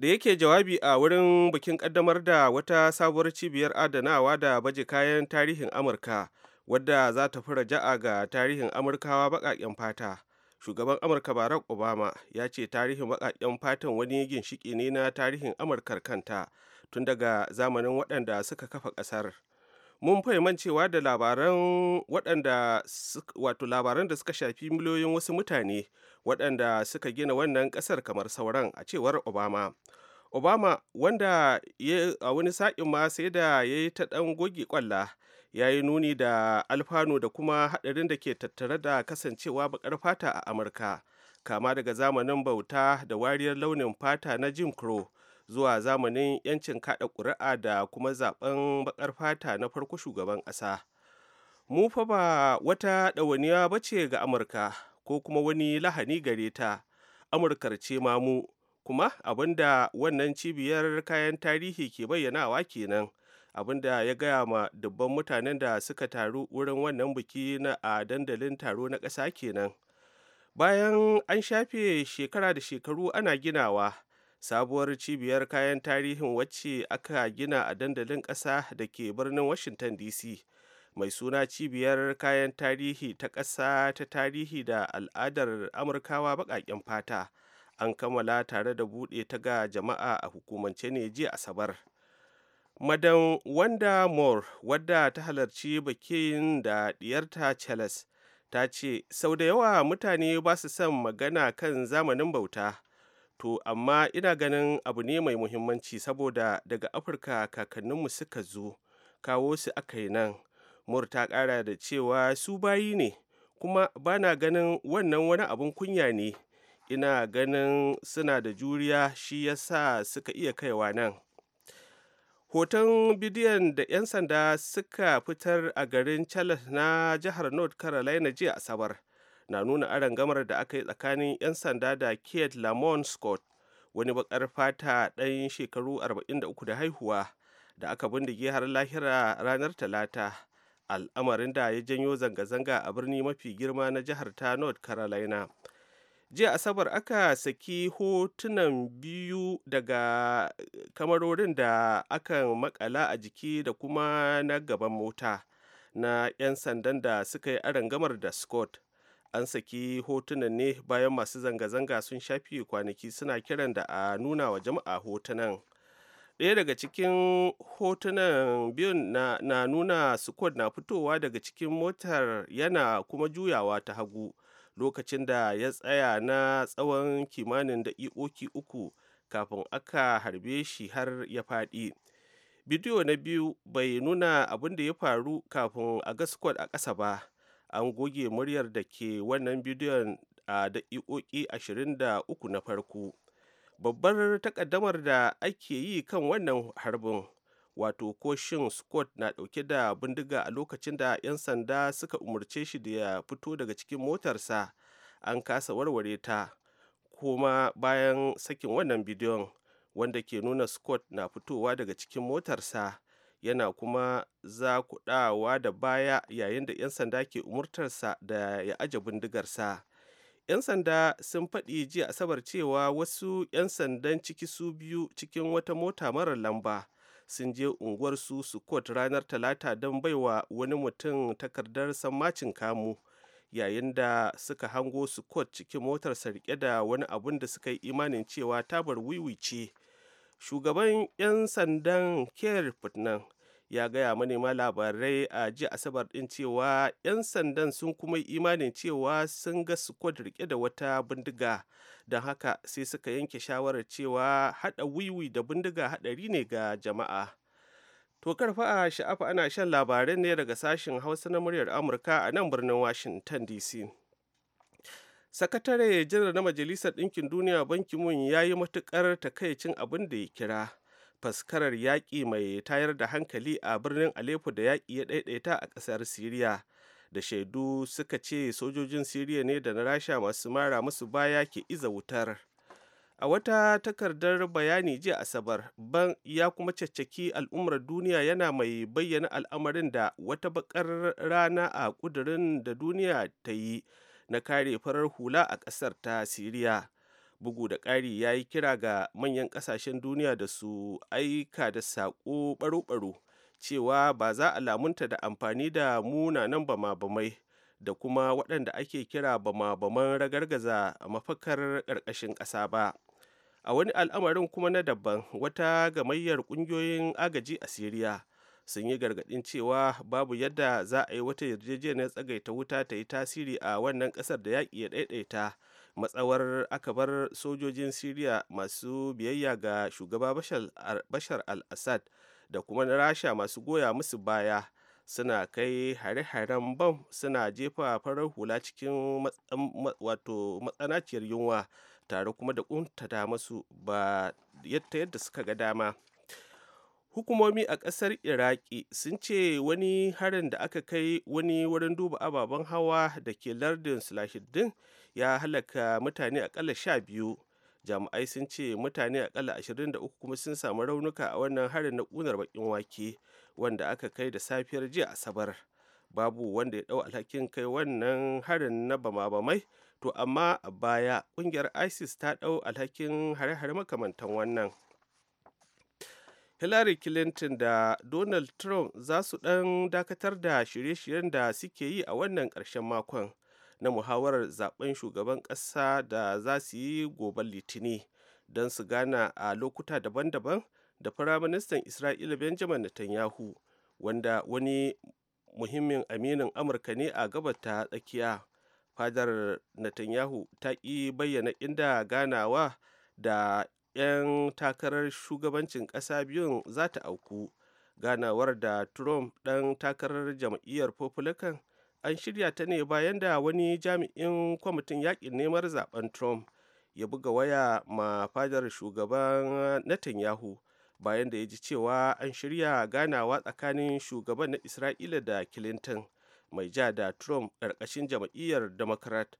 da yake jawabi a wurin bikin kaddamar da wata sabuwar cibiyar adanawa da baje kayan tarihin amurka wadda za ta fi raja'a ga tarihin amurkawa baƙaƙen fata shugaban amurka barack obama ya ce tarihin baƙaƙen fatan wani ginshiki ne na tarihin amurkar kanta tun daga zamanin waɗanda suka kafa ƙasar mun cewa da labaran waɗanda wato labaran da suka shafi miliyoyin wasu mutane waɗanda suka gina wannan ƙasar kamar sauran a cewar obama obama wanda ya a wani sa'in ma sai da ya yi ta ɗan goge kwalla ya yi nuni da alfanu da kuma haɗarin da ke tattare da kasancewa baƙar fata a amurka kama daga zamanin bauta da wariyar launin fata na jim crow zuwa zamanin 'yancin kaɗa ƙuri'a da kuma zaben baƙar fata na farko shugaban ƙasa mu fa ba wata ɗawaniya ba ce ga amurka ko kuma wani lahani gare ta amurkar ce ma mu kuma abinda wannan cibiyar kayan tarihi ke bayyanawa kenan abin da ya gaya ma dubban mutanen da suka taru wurin wannan biki na a dandalin taro na ƙasa kenan bayan an shafe shekara da shekaru ana ginawa sabuwar cibiyar kayan tarihin wacce aka gina a dandalin ƙasa da ke birnin washington dc mai suna cibiyar kayan tarihi ta ƙasa ta tarihi da al'adar amurkawa baƙaƙen fata an kammala tare da buɗe ta ga jama'a a hukumance ne jiya asabar madam wanda moore wadda ta halarci bikin da diyarta charles ta ce sau da yawa mutane ba su son magana kan zamanin bauta to amma ina ganin abu ne mai muhimmanci saboda daga afirka kakanninmu suka zo kawo su aka yi nan mur ta kara da cewa su bayi ne kuma ba na ganin wannan wani abin kunya ne ina ganin suna da juriya shi ya sa suka iya kaiwa nan hoton bidiyon da 'yan sanda suka fitar a garin charles na jihar north carolina jiya asabar na nuna arangamar da aka yi tsakanin 'yan sanda da Keith Lamont Scott wani bakar fata ɗan shekaru 43 da haihuwa da aka bindige har lahira ranar talata al'amarin da ya janyo zanga-zanga a birni mafi girma na jihar ta north carolina jiya asabar aka saki hotunan biyu daga kamarorin da akan makala a jiki da kuma na gaban mota na 'yan sandan da suka yi arangamar da scott an saki hotunan ne bayan masu zanga-zanga sun shafi kwanaki suna kiran da a nuna wa jama'a hotunan ɗaya daga cikin hotunan biyun na, na nuna squad na fitowa daga cikin motar yana kuma juyawa ta hagu lokacin da ya tsaya na tsawon kimanin da'i'oki uku kafin aka harbe shi har ya faɗi bidiyo na biyu bai nuna abin da ya faru kafin a ga squad a ƙasa ba an goge muryar da ke wannan bidiyon a daƙiƙoƙi 23 na farko babbar takaddamar da ake yi kan wannan harbin wato koshin scott na ɗauke da bindiga a lokacin da 'yan sanda suka umarce shi da ya fito daga cikin motarsa an kasa warware ta kuma bayan sakin wannan bidiyon wanda ke nuna scott na fitowa daga cikin motarsa yana kuma zakudawa da baya yayin da 'yan sanda ke umurtarsa da ya aje bindigarsa 'yan sanda sun faɗi jiya asabar cewa wasu 'yan sandan ciki su biyu cikin wata mota mara lamba sun je unguwar su sukot ranar talata don baiwa wani mutum takardar sammacin kamu yayin da suka hango sukot cikin motarsa rike da wani abun da suka yi imanin cewa tabar wiwi ce shugaban 'yan sandan kier putnam ya gaya manema labarai a ji asabar din cewa 'yan sandan sun kuma imanin cewa sun ga squad rike da wata bindiga don haka sai suka yanke shawarar cewa hada wiwi da bindiga hadari ne ga jama'a to karfa a sha'afa ana shan labarai ne daga sashen hausa na muryar amurka a nan birnin washington dc sakatare janar na majalisar ɗinkin duniya banki mun ya yi matuƙar takaicin abin da ya kira faskarar yaƙi mai tayar da hankali a birnin aleppo da yaƙi ya ɗaiɗaita a ƙasar siriya da shaidu suka ce sojojin siriya ne da na rasha masu mara musu baya ke iza wutar a wata takardar bayani jiya asabar ban ya kuma caccaki al'ummar duniya yana mai bayyana al'amarin da wata bakar rana a kudurin da duniya ta yi na kare farar hula a ƙasar ta siriya bugu da ƙari ya yi kira ga manyan ƙasashen duniya da su aika da saƙo baro-baro cewa ba za a lamunta da amfani da munanan bama-bamai da kuma waɗanda ake kira bama-baman ragargaza mafakar ƙarƙashin ƙasa ba a wani al'amarin kuma na daban wata gamayyar ƙungiyoyin agaji a siriya sun yi gargaɗin cewa babu yadda za a yi wata yarjejeniyar tsagaita wuta ta yi tasiri a wannan ƙasar da yaƙi ya ɗaiɗaita matsawar aka bar sojojin siriya masu biyayya ga shugaba bashar al-assad da kuma na rasha masu goya musu baya suna kai hare-haren bam suna jefa farar hula cikin wato matsanaciyar yunwa tare kuma da kuntata masu ba yadda suka ga dama hukumomi a kasar iraki sun ce wani harin da aka kai wani wurin duba ababen hawa da ke lardin slashiddin ya halaka mutane akalla sha biyu jami'ai sun ce mutane akalla 23 kuma sun samu raunuka a wannan harin na kunar bakin wake wanda aka kai da safiyar jiya asabar babu wanda ya dau alhakin kai wannan harin na bama-bamai to amma a baya kungiyar isis ta dau alhakin hare-hare makamantan wannan hillary clinton da donald trump za su ɗan dakatar da shirye-shiryen da suke yi a wannan ƙarshen makon na muhawarar zaben shugaban ƙasa da za su yi goben litini don su gana a lokuta daban-daban da firaministan isra'ila benjamin netanyahu wanda wani muhimmin aminin amurka ne a gabata tsakiya fadar netanyahu ta ƙi bayyana inda ganawa da 'yan takarar shugabancin ƙasa biyun za ta auku ganawar da trump ɗan takarar jam'iyyar republican an shirya ta ne bayan da wani jami'in kwamitin yakin neman zaben trump ya buga waya ma fadar shugaban netanyahu bayan da ya ji cewa an shirya ganawa tsakanin shugaban na isra'ila da clinton mai ja da trump ƙarƙashin jam'iyyar democrat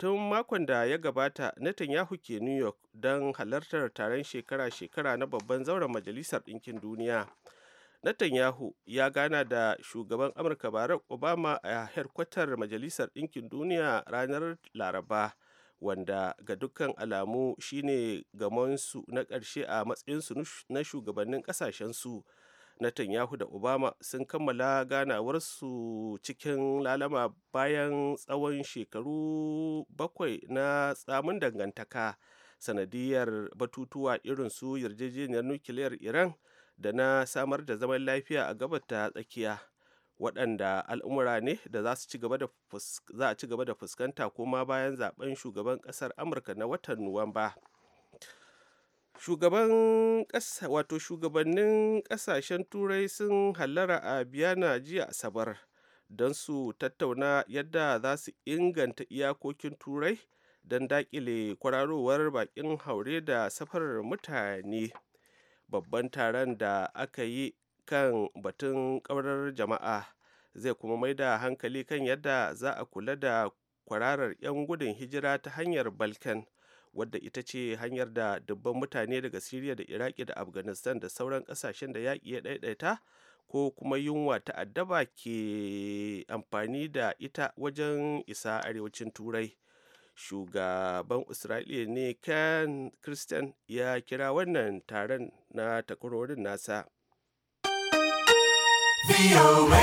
tun makon da ya gabata netanyahu ke new york don halartar taron shekara-shekara na babban zauren majalisar ɗinkin duniya netanyahu ya gana da shugaban amurka barack obama a herkwatar majalisar ɗinkin duniya ranar laraba wanda ga dukkan alamu shine gamonsu na ƙarshe a matsayinsu na shugabannin ƙasashensu Netanyahu da Obama sun kammala ganawar su cikin lalama bayan tsawon shekaru bakwai na tsamin dangantaka sanadiyar batutuwa irin su yarjejeniyar nukiliyar Iran da na samar da zaman lafiya a gabar ta tsakiya waɗanda al'umura ne da za a ci gaba da fuskanta koma bayan zaben shugaban ƙasar Amurka na watan Nuwamba. shugaban ƙasa wato shugabannin ƙasashen turai sun hallara a biyana jiya asabar don su tattauna yadda za su inganta iyakokin turai don daƙile kwararowar baƙin haure da safarar mutane babban taron da aka yi kan batun ƙaurar jama'a zai kuma mai da hankali kan yadda za a kula da kwararar 'yan gudun hijira ta hanyar balkan wadda ita ce hanyar da dubban mutane daga siriya da iraki da afghanistan da sauran kasashen da yaƙi ya ɗaiɗaita ko kuma yunwa ta addaba ke amfani da ita wajen isa arewacin turai shugaban isra'ila ne kan christian ya kira wannan taron na takwarorin nasa VOA.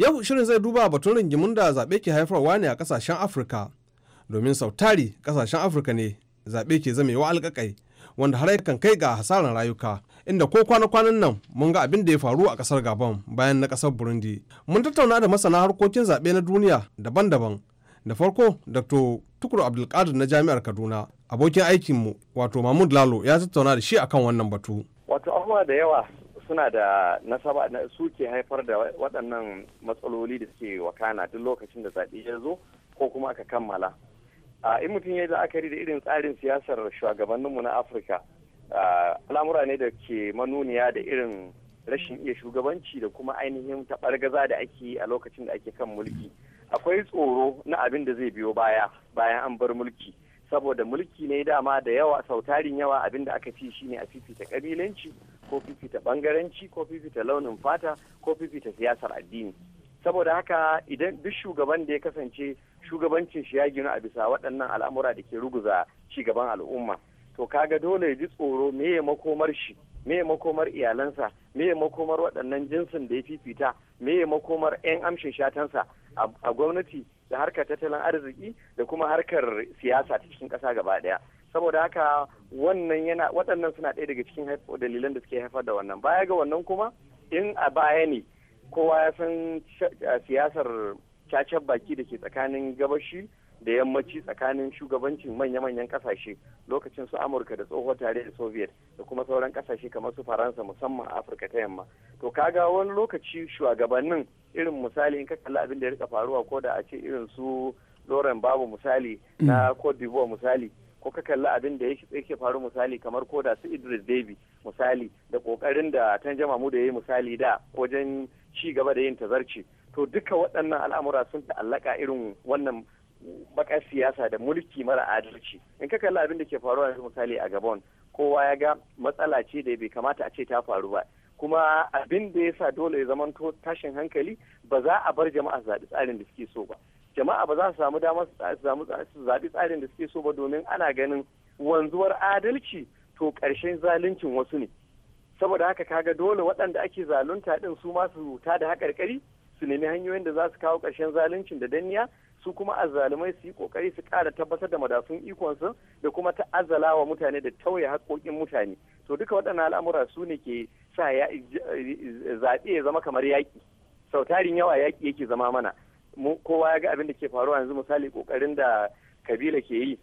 Yau shirin zai duba batun rigimin da zaɓe ke haifarwa ne a ƙasashen Afirka. Domin sautari ƙasashen Afirka ne zaɓe ke zamewa alƙaƙai wanda har kan kai ga hasaran rayuka. Inda ko kwana-kwanan nan mun ga abin da ya faru a ƙasar Gabon bayan na ƙasar Burundi. Mun tattauna da masana harkokin zaɓe na duniya daban-daban. Da farko, Dr. Tukur Abdulkadir na Jami'ar Kaduna, abokin aikinmu wato Mahmud Lalo ya tattauna da shi akan wannan batu. Wato abubuwa da yawa suna da nasaba na su ke haifar da waɗannan matsaloli da suke wakana duk lokacin da zaɓe ya zo ko kuma aka kammala a in mutum ya yi la'akari da irin tsarin siyasar shugabanninmu na afirka al'amura ne da ke manuniya da irin rashin iya shugabanci da kuma ainihin taɓargaza da ake yi a lokacin da ake kan mulki akwai tsoro na abin da zai biyo baya bayan an bar mulki saboda mulki ne dama da yawa sautarin yawa abin da aka ci shine a fifita kabilanci ko fifita bangaranci ko fifita launin fata ko fifita siyasar addini saboda haka idan duk shugaban da ya kasance shugabancin shi ya ginu a bisa waɗannan al'amura da ke ruguza shugaban al'umma to kaga dole ya ji tsoro me ya makomar shi me ya makomar iyalansa me ya makomar waɗannan jinsin da ya fifita me ya makomar 'yan amshin shatansa a gwamnati da harkar tattalin arziki da kuma harkar siyasa cikin ƙasa gaba ɗaya saboda haka wannan yana waɗannan suna ɗaya daga cikin dalilan da suke haifar da wannan baya ga wannan kuma in a baya ne kowa ya san siyasar cacar baki da ke tsakanin gabashi da yammaci tsakanin shugabancin manya-manyan kasashe lokacin su amurka da tsohuwar tare da soviet da kuma sauran kasashe kamar su faransa musamman a afirka ta yamma to kaga wani lokaci shugabannin irin misali in ka kalli abin da ya rika faruwa ko da a ce irin su loren babu misali na mm. cote d'ivoire misali ko ka kalli abin da yake faru misali kamar ko da su Idris Deby misali da kokarin da jama muda ya yi misali da wajen ci gaba da yin tazarci to duka waɗannan al'amura sun ta'allaka irin wannan baka siyasa da mulki mara adalci in ka kalli abin da ke faruwa yanzu misali a Gabon kowa ya ga matsala ce da bai kamata a ce ta faru ba kuma abin da ya sa dole ya zamanto tashin hankali ba za a bar jama'a zaɓi tsarin da suke so ba jama'a ba za su samu damar su zaɓi tsarin da suke so ba domin ana ganin wanzuwar adalci to ƙarshen zaluncin wasu ne saboda haka kaga dole waɗanda ake zalunta ɗin su ma su ta da haƙarƙari su nemi hanyoyin da za su kawo ƙarshen zaluncin da danniya su kuma azzalumai su yi ƙoƙari su ƙara tabbatar da madafun ikonsu da kuma ta'azzala wa mutane da tauye haƙoƙin mutane to duka waɗannan al'amura su ne ke sa zaɓe ya zama kamar yaƙi sautarin yawa yaƙi yake zama mana kowa ya ga abin da ke faruwa yanzu misali kokarin da kabila ke yi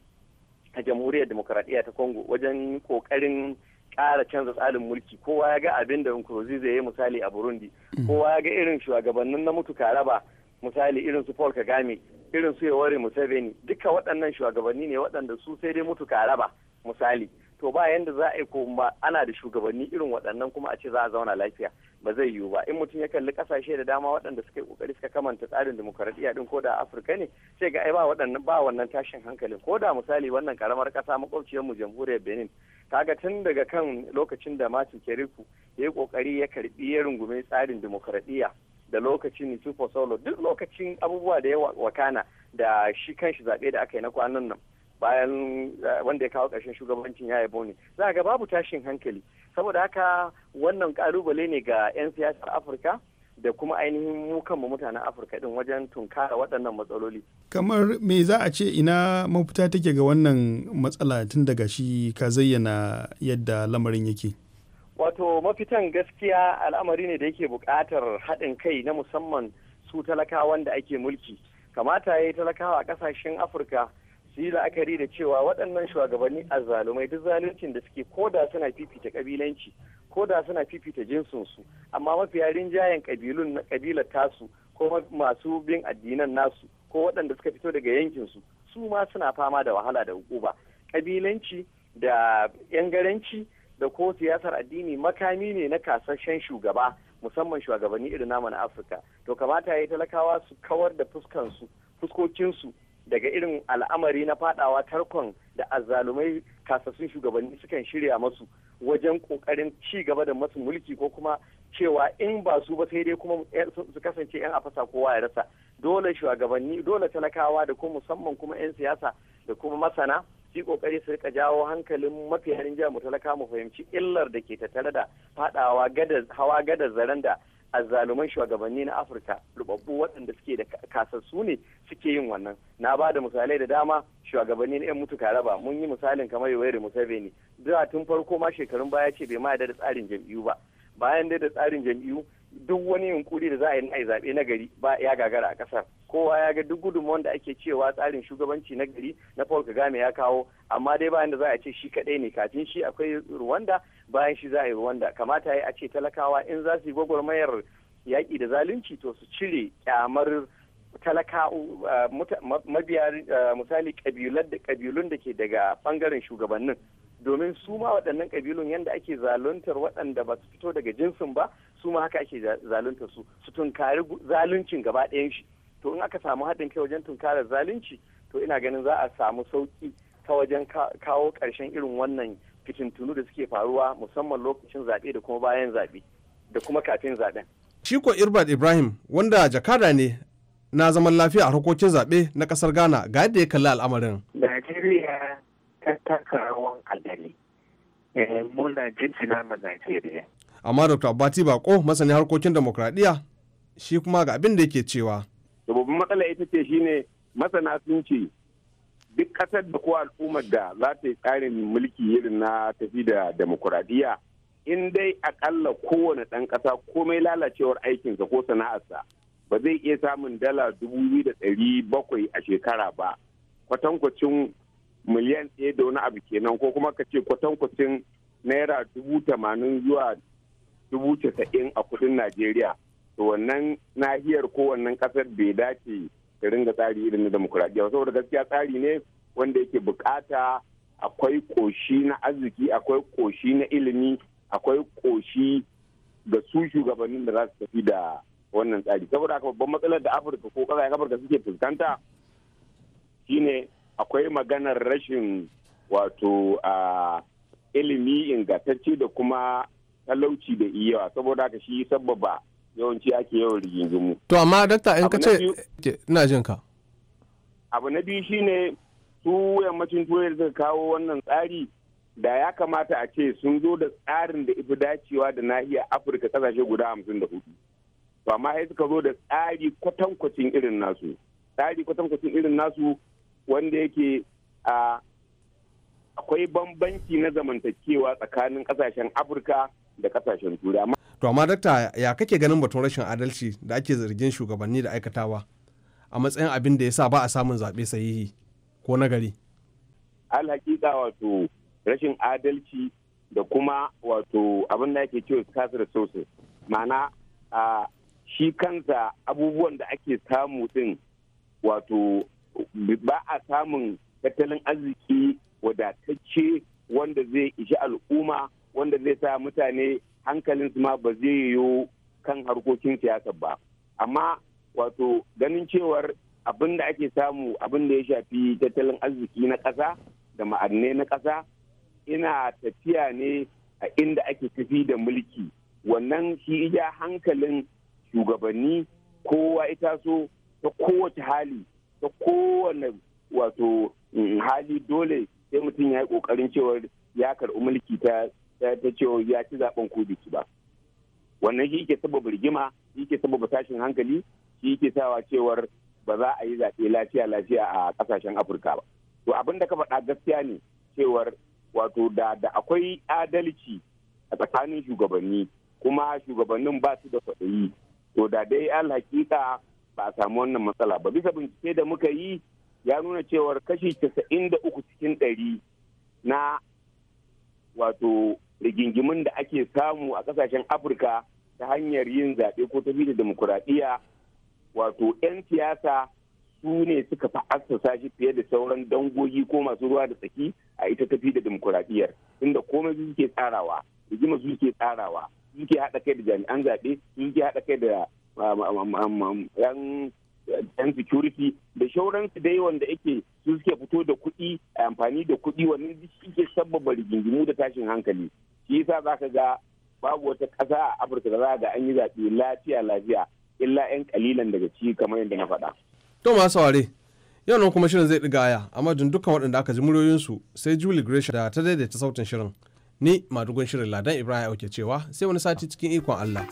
a jamhuriyar demokradiyya ta congo wajen kokarin kara canza tsarin mulki kowa ya ga abin da nkurunziza ya misali a burundi kowa ya ga irin shugabannin na mutu karaba misali irin su paul kagame irin su yawari museveni duka waɗannan shugabanni ne waɗanda su sai dai mutu karaba misali to ba yanda za a yi koma ana da shugabanni irin waɗannan kuma a ce za a zauna lafiya ba zai yiwu ba in mutum ya kalli kasashe da dama waɗanda suka yi kokari suka kamanta tsarin demokaradiyya din ko da afirka ne sai ga ai ba waɗannan ba wannan tashin hankalin ko da misali wannan karamar ƙasa makwabciyar mu jamhuriyar benin kaga tun daga kan lokacin da martin keriku ya yi kokari ya karɓi ya rungume tsarin demokaradiyya da lokacin nitufo solo duk lokacin abubuwa da ya wakana da shi kanshi zaɓe da aka yi na kwanan nan bayan eh, wanda ya kawo ƙarshen shugabancin ya yabo ne za ga babu tashin hankali saboda haka wannan kalubale ne ga 'yan siyasar afirka da kuma ainihin mu kanmu mutanen afirka din wajen tunkara waɗannan matsaloli kamar me za a ce ina mafita take ga wannan matsala tun daga shi ka zayyana yadda lamarin yake wato mafitan gaskiya al'amari ne da yake buƙatar haɗin kai na musamman su talakawan da ake mulki kamata ya yi talakawa a ƙasashen afirka su yi la'akari da cewa waɗannan shugabanni a zalumai duk zaluncin da suke ko da suna fifita kabilanci da suna fifita jinsinsu amma mafiya rinjayen kabilun na kabilar tasu ko masu bin addinan nasu ko waɗanda suka fito daga yankinsu su ma suna fama da wahala da hukuba kabilanci da yangaranci da ko siyasar addini makami ne na kasashen shugaba musamman shugabanni irin namu na afirka to kamata ya yi talakawa su kawar da fuskansu fuskokinsu daga irin al'amari na fadawa tarkon da azzalumai kasassun shugabanni sukan shirya masu wajen kokarin ci gaba da masu mulki ko kuma cewa in ba su ba sai dai kuma su kasance yan afasa kowa ya rasa dole shugabanni dole talakawa da kuma musamman kuma yan siyasa da kuma masana su kokari su rika jawo hankalin mafi harin jiya mu talaka mu fahimci illar da ke tattare da fadawa hawa gada zaren da azzaluman shugabanni na afirka rubabbu waɗanda suke da kasassu ne suke yin wannan na ba da misalai da dama shugabanni na 'yan mutuka raba mun yi misalin kamar yoweri museveni da tun farko ma shekarun baya ce bai ma da tsarin jam'iyyu ba bayan dai da tsarin jam'iyyu duk wani yunkuri da za a yi na zaɓe na gari ba ya gagara a ƙasar kowa ya ga duk gudunmawar da ake cewa tsarin shugabanci na gari na Paul Kagame ya kawo amma dai bayan da za a ce shi kaɗai ne kafin shi akwai ruwanda. bayan shi za a yi wanda kamata ya a ce talakawa in za su yi gwagwarmayar yaƙi da zalunci to su cire kyamar talakawa uh, mabiya uh, misali ƙabilun da ke daga bangaren shugabannin domin su ma waɗannan kabilun yadda ake zaluntar waɗanda ba su fito daga jinsin ba su ma haka ake zaluntar su su tunkari zaluncin gaba ɗayan shi to in aka samu haɗin kai wajen tunkarar zalunci to ina ganin za a samu sauƙi ta wajen kawo ƙarshen irin wannan fitintunu da suke faruwa musamman lokacin zaɓe da kuma bayan zaɓe da kuma kafin zaɓen. Shiko Irbad Ibrahim wanda jakada ne na zaman lafiya a harkokin zaɓe na ƙasar Ghana ga yadda ya kalli al'amarin. Najeriya ta taka rawan alali. Eh, Muna jinjina ma Najeriya. Amma Dr. Abati Bako masanin harkokin demokradiyya shi kuma ga abin da yake cewa. Dabobin matsalar matsala ita ce shine masana sun ce duk ƙasar da ko al'ummar da za ta yi tsarin mulki irin na tafi da demokuraɗiyya in dai akalla kowane ɗan ƙasa komai lalacewar aikinsa ko sana'arsa ba zai iya samun dala dubu biyu da ɗari bakwai a shekara ba kwatankwacin miliyan ɗaya da wani abu kenan ko kuma ka ce kwatankwacin naira dubu tamanin zuwa dubu casa'in a kudin najeriya to wannan nahiyar ko wannan ƙasar bai dace ta ringa tsari irin na demokuraɗiyya saboda gaskiya tsari ne wanda yake bukata akwai koshi na arziki akwai koshi na ilimi akwai koshi ga su shugabannin da za su tafi da wannan tsari saboda haka babban matsalar da afirka ko ƙasashen afirka suke fuskanta shine akwai maganar rashin wato a ilimi ingantacce da kuma talauci da iyawa saboda haka shi sababa yawanci ake yawan rigingimu. To amma dakta in ka ce ina jin Abu na biyu shine su yammacin turai da suka kawo wannan tsari da ya kamata a ce sun zo da tsarin da ifi dacewa da nahiyar afirka kasashe guda hamsin da hudu to amma sai suka zo da tsari kwatankwacin irin nasu tsari kwatankwacin irin nasu wanda yake a akwai bambanci na zamantakewa tsakanin kasashen afirka da kasashen turai to amma dakta ya kake ganin batun rashin adalci da ake zargin shugabanni da aikatawa a matsayin abin da ya sa ba a samun zaɓe sahihi ko na gari alhaƙiƙa wato rashin adalci da kuma wato abin da ake cewa scarce resources ma'ana a shi kansa abubuwan da ake samu din wato ba a samun tattalin arziki wadatacce wanda zai ishi al'umma wanda zai sa mutane su ma ba zai yiwu kan harkokin siyasa ba amma wato ganin cewar abin da ake samu abin da ya shafi tattalin arziki na ƙasa da ma'adanai na ƙasa ina tafiya ne a inda ake tafi da mulki wannan shi iya hankalin shugabanni kowa ita so ta kowace hali ta kowane wato mm, hali dole sai mutum ya yi ƙoƙarin cewar ya karɓi mulki ta ta cewa ya ci zaɓen ko biki ba wannan shi ke sababa rigima shi ke sababa tashin hankali shi ke sawa cewar ba za a yi zaɓe lafiya lafiya a ƙasashen afirka ba to abin da ka faɗa gaskiya ne cewar wato da da akwai adalci a tsakanin shugabanni kuma shugabannin ba su da kwaɗayi to da dai alhaƙiƙa ba a samu wannan matsala ba bisa bincike da muka yi ya nuna cewar kashi casa'in da uku cikin ɗari na wato rigingimin da ake samu a ƙasashen afirka ta hanyar yin zaɓe ko tafi da demokuraɗiyya wato 'yan siyasa su ne suka fi assasa shi fiye da sauran dangogi ko masu ruwa da tsaki a ita tafi da demokuraɗiyyar inda komai su suke tsarawa rigima su suke tsarawa su suke haɗa kai da jami'an zaɓe su suke haɗa kai da yan security da shauransu dai wanda yake su suke fito da kuɗi a amfani da kuɗi wannan duk shi ke sabbaba rigingimu da tashin hankali shi yasa za ka ga babu wata ƙasa a afirka da za ga an yi zaɓe lafiya lafiya illa 'yan kalilan daga ciki kamar yadda na faɗa. To ma saware, yau nan kuma shirin zai aya, amma jin dukkan waɗanda aka ji muryoyinsu sai Julie Gresham da ta daidaita sautin shirin. Ni madugun shirin Ladan Ibrahim Auke cewa sai wani sati cikin ikon Allah.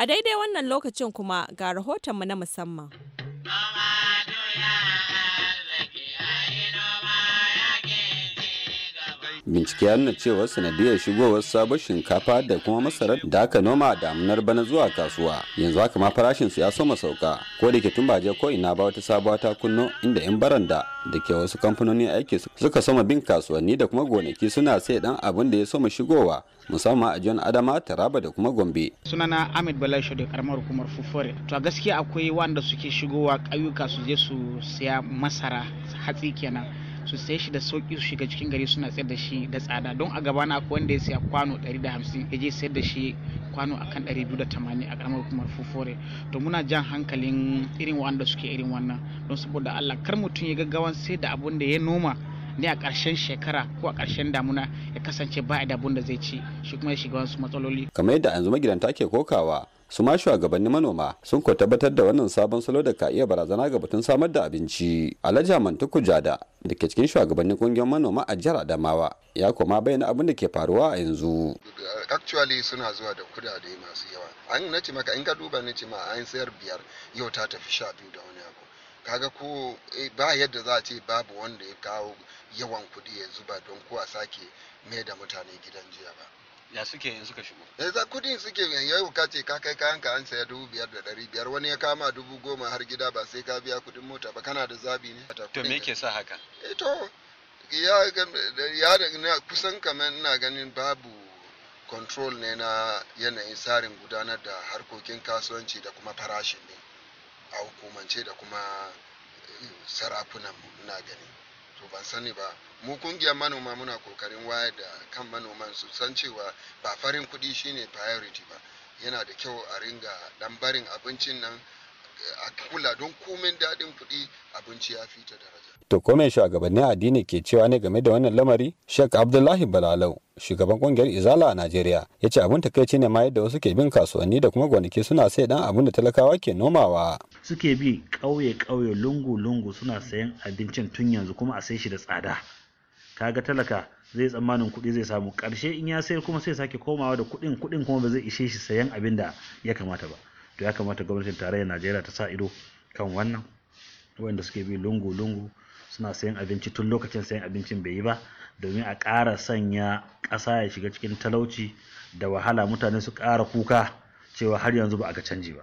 A daidai wannan lokacin kuma ga rahotonmu na musamman. bincike ya nuna cewa sanadiyar shigowar sabon shinkafa da kuma masarar da aka noma a damunar bana zuwa kasuwa yanzu haka ma farashin su ya soma sauka ko da ke tun baje ko ina ba wata sabuwa ta kunno inda yan baranda da ke wasu kamfanonin aiki suka soma bin kasuwanni da kuma gonaki suna sai dan abin da ya soma shigowa musamman a john adama taraba da kuma gombe sunana ahmed bala da karamar hukumar fufore to a gaskiya akwai wanda suke shigowa ƙauyuka su je su siya masara hatsi kenan su sai shi da sauki su shiga cikin gari suna sayar da shi da tsada don a gabana na wanda ya siya kwano 150 ya je sayar da shi kwano akan 280 a karamar hukumar fufore to muna jan hankalin irin wanda suke irin wannan don saboda Allah kar mutum ya gaggawan sai da abun da ya noma ne a karshen shekara ko a karshen damuna ya kasance ba da abun da zai ci shi kuma ya shiga wasu matsaloli kamar yadda yanzu magidanta ke kokawa su ma shugabannin manoma sun ko tabbatar da wannan sabon salo da ka iya barazana ga batun samar da abinci alhaji mantuku jada da ke cikin shugabannin kungiyar manoma a jihar adamawa ya koma bayyana abin da ke faruwa a yanzu actually suna zuwa da kudade masu yawa an nace maka in ka duba nace ma an sayar biyar yau ta tafi sha biyu da wani abu kaga ko eh, ba yadda za a ce babu wanda ya kawo yawan kuɗi ya zuba don ko a sake mai da mutane gidan jiya ba ya suke yanzu suka shigo ya za kudin suke yin yau ka ce ka kai kayan ka an saya dubu biyar da ɗari biyar wani ya kama dubu goma har gida ba sai ka biya kudin mota ba kana da zabi ne to me ke sa haka eh to ya ya da kusan kamar ina ganin babu control ne na yanayin tsarin gudanar da harkokin kasuwanci da kuma farashin ne a hukumance da kuma eh, sarafunan na gani to ban sani ba mu kungiyar manoma muna kokarin wayar da kan manoman su san cewa ba farin kuɗi shine priority ba yana da kyau a ringa dan barin abincin nan a kula don komin daɗin kuɗi abinci ya fita daraja. To kome shugabannin addini ke cewa ne game da wannan lamari? Sheikh Abdullahi Balalau, shugaban kungiyar Izala a Najeriya, ya ce abin takaici ne ma yadda wasu ke bin kasuwanni da kuma gonaki suna sai dan abin da talakawa ke nomawa. Suke bi ƙauye-ƙauye lungu-lungu suna sayan abincin tun yanzu kuma a sai shi da tsada. Kaga talaka zai tsammanin kuɗi zai samu ƙarshe in ya sayar kuma sai sake komawa da kuɗin kuɗin kuma ba zai ishe shi sayan abin da ya kamata ba. to ya kamata gwamnatin tarayyar najeriya ta sa ido kan wannan wanda suke bi lungu-lungu suna sayan abinci tun lokacin sayan abincin bai yi ba domin a ƙara sanya ƙasa ya shiga cikin talauci da wahala mutane su ƙara kuka cewa har yanzu ba a ga canji ba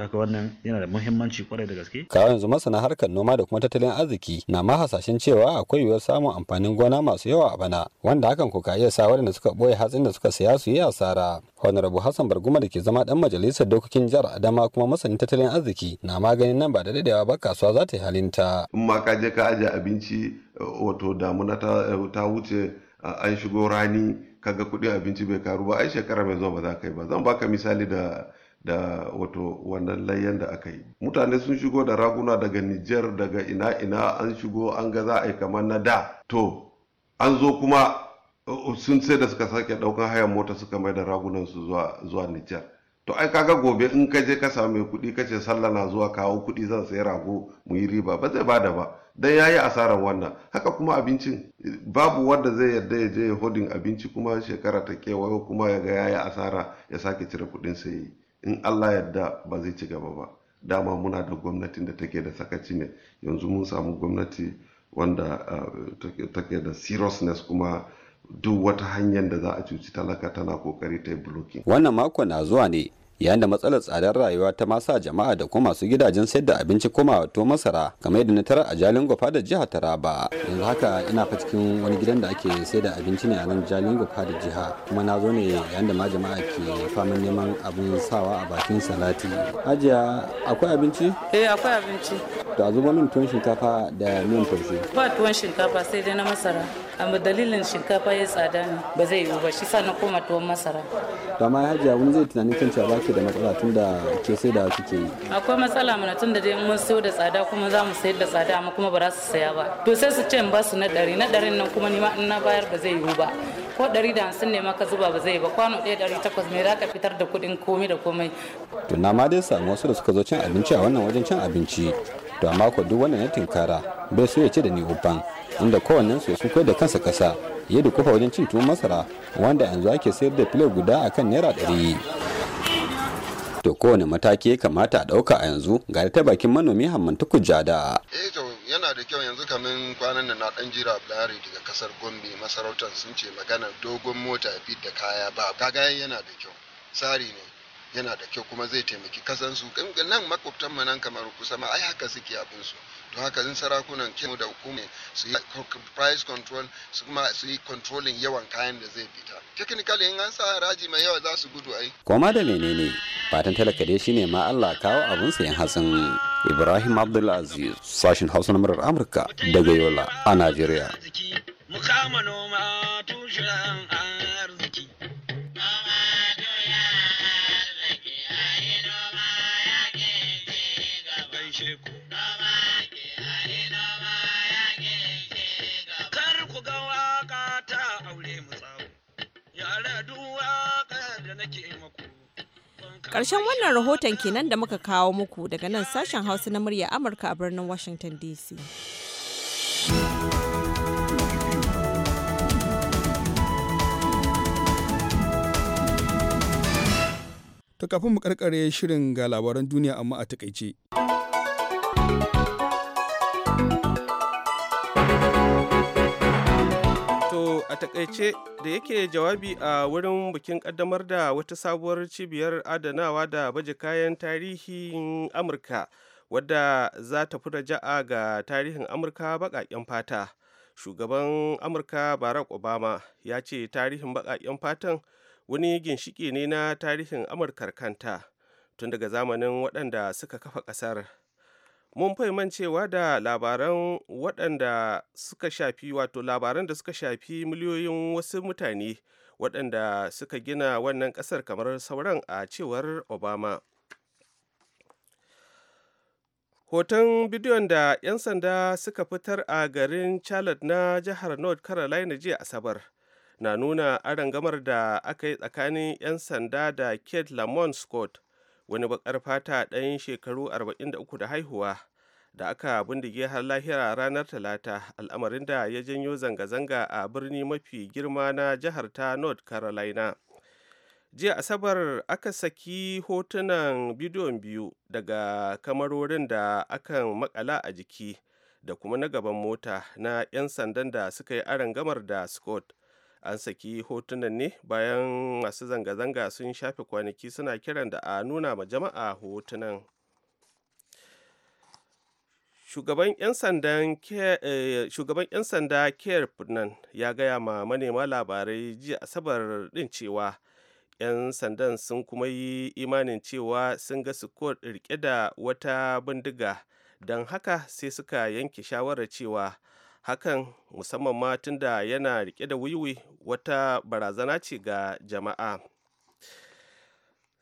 haka wannan yana da muhimmanci kwarai da gaske kawai yanzu masana harkar noma da kuma tattalin arziki na ma hasashen cewa akwai yiwuwar samun amfanin gona masu yawa a bana wanda hakan ko ka iya sa waɗanda suka ɓoye hatsin da suka saya su yi asara honorable hassan barguma da ke zama dan majalisar dokokin jihar adama kuma masanin tattalin arziki na maganin nan ba da daɗewa ba kasuwa za ta yi halinta in ma ka je ka aje abinci wato damuna ta wuce an shigo rani kaga kuɗin abinci bai karu ba ai shekara mai zuwa ba za ka yi ba zan baka misali da da wato wannan layyan da aka yi mutane sun shigo da raguna daga nijar daga ina ina an shigo an ga za a yi kamar na da to an zo kuma uh, sun sai da suka sake daukan hayan mota suka mai da ragunan su zuwa nijar to ai kaga gobe in ka je ka samu mai kuɗi ka ce sallah na zuwa kawo kuɗi zan sayi rago mu yi riba ba zai bada ba dan yayi asarar wannan haka kuma abincin babu wanda zai yarda ya je hodin abinci kuma shekara ta kewayo kuma ya ga yayi asara ya sake cire kuɗin sai in allah yadda ba zai ci gaba ba dama muna da gwamnatin da take da sakaci ne yanzu mun samu gwamnati wanda eh, take da seriousness kuma duk wata hanyar da za a cuci talaka tana kokari ta yi blocking wannan mako na zuwa ne yayin da matsalar tsadar rayuwa ta masa jama'a da kuma masu gidajen sayar da abinci koma to masara kamar yadda na tara a jalin gofa da jiha taraba yanzu haka ina fa cikin wani gidan da ake sayar da abinci ne a nan gofa da jiha kuma na zo ne yayin da ma jama'a ke faman neman abin sawa a bakin salati hajiya akwai abinci eh akwai abinci to a zuba min tuwon shinkafa da miyan taushe ba tuwon shinkafa sai dai na masara amma dalilin shinkafa ya tsada ne ba zai yiwu ba shi sa na koma tuwon masara da ma hajiya wani zai tunanin kan cewa baki da matsala tun da ke sai da kike yi akwai matsala mana tun da dai mun sayo da tsada kuma za mu sayar da tsada amma kuma ba za su saya ba to sai su ce in ba su na ɗari na ɗarin nan kuma ni ma in na bayar ba zai yiwu ba ko ɗari da hamsin ne maka zuba ba zai ba kwano ɗaya ɗari takwas me za ka fitar da kuɗin komai da komai. to na ma dai samu wasu da suka zo cin abinci a wannan wajen cin abinci to amma ko duk wanda na tinkara bai so ya ce da ni uban inda kowannen su su kai da kansa kasa ya dukufa wajen cin tuwon masara wanda yanzu ake sayar da filo guda akan naira ɗari to kowane mataki ya kamata a ɗauka a yanzu ga ta bakin manomi hammantu kujada eh to yana da kyau yanzu kamin kwanan nan na dan jira bulari daga kasar Gombe masarautar sun ce magana dogon mota fit da kaya ba kaga yana da kyau tsari ne yana da kyau kuma zai taimaki kasansu nan makwabtan mu nan kamar kusa sama ai haka suke abin su don haka in sarakunan ke da hukumi su yi price control su kuma su yi controlling yawan kayan da zai fita technically in an sa haraji mai yawa za su gudu ai koma da menene fatan talaka dai shine ma Allah kawo abin sayan hatsin Ibrahim Aziz sashin Hausa na murar Amurka daga Yola a Najeriya. Mukama noma tushen karshen wannan rahoton kenan da muka kawo muku daga nan sashen Hausa na murya Amurka a birnin Washington DC. ta kafin mu karkare shirin ga labaran duniya amma a takaice. a takaice da yake jawabi a wurin bikin kaddamar da wata sabuwar cibiyar adanawa da baje kayan tarihin amurka wadda za ta fi raja'a ga tarihin amurka baƙaƙen fata shugaban amurka barack obama ya ce tarihin baƙaƙen fatan wani ginshiki ne na tarihin amurkar kanta tun daga zamanin waɗanda suka kafa ƙasar mun fahimman cewa da labaran waɗanda suka shafi wato labaran da suka shafi miliyoyin wasu mutane waɗanda suka gina wannan ƙasar kamar sauran a cewar obama hoton bidiyon da 'yan sanda suka fitar a garin charlotte na jihar north carolina jiya asabar na nuna arangamar da aka yi tsakanin 'yan sanda da kate lamont scott wani bakar fata ɗayan shekaru 43 da haihuwa da aka bindige har lahira ranar talata al'amarin da ya janyo zanga-zanga a birni mafi girma na jihar ta north carolina jiya asabar aka saki hotunan bidiyon biyu daga kamarorin da akan makala a jiki da kuma na gaban mota na 'yan sandan da suka yi gamar da scott an saki hotunan ne bayan masu zanga-zanga sun shafe kwanaki suna kiran da a nuna ma jama'a hotunan shugaban 'yan eh, sanda kiyar nan ya gaya ma manema labarai jiya asabar din cewa 'yan sandan sun kuma yi imanin cewa sun ga ko rike da wata bindiga don haka sai suka yanke shawarar cewa hakan musamman ma tun da yana rike da wiwi wata barazana ce ga jama'a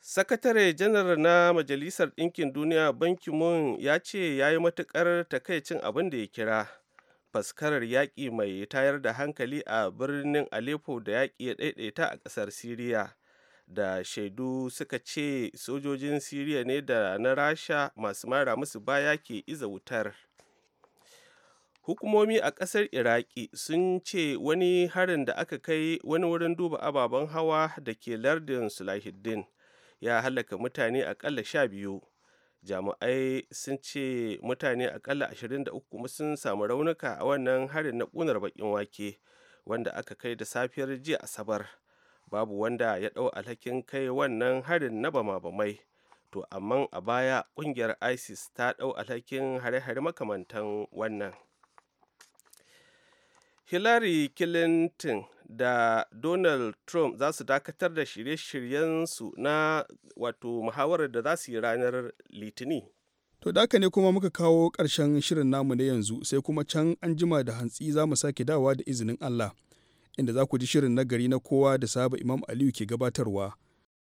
sakatare janar na majalisar ɗinkin duniya banki mun ya ce ya yi matuƙar takaicin abin da ya kira faskarar yaƙi mai tayar da hankali a birnin aleppo da yaƙi ya ɗaiɗaita a ƙasar siriya da shaidu suka ce sojojin siriya ne da na rasha masu mara musu baya ke iza wutar hukumomi a ƙasar iraki sun ce wani harin da aka kai wani wurin duba ababen hawa da ke lardin sulahiddin ya halaka mutane akalla sha biyu jami'ai sun ce mutane akalla 23 kuma sun samu raunuka a wannan harin na ƙunar bakin wake wanda aka kai da safiyar jiya asabar babu wanda ya ɗau alhakin kai wannan harin na bama-bamai to amma a baya ƙungiyar isis ta ɗau alhakin hare-hare makamantan wannan hillary clinton da donald trump za su dakatar da shirye-shiryensu na wato muhawarar da za su yi ranar litini to daka ne kuma muka kawo ƙarshen shirin namu na yanzu sai kuma can an jima da hantsi za mu sake dawa da izinin allah inda za ku ji shirin nagari na kowa da saba imam aliyu ke gabatarwa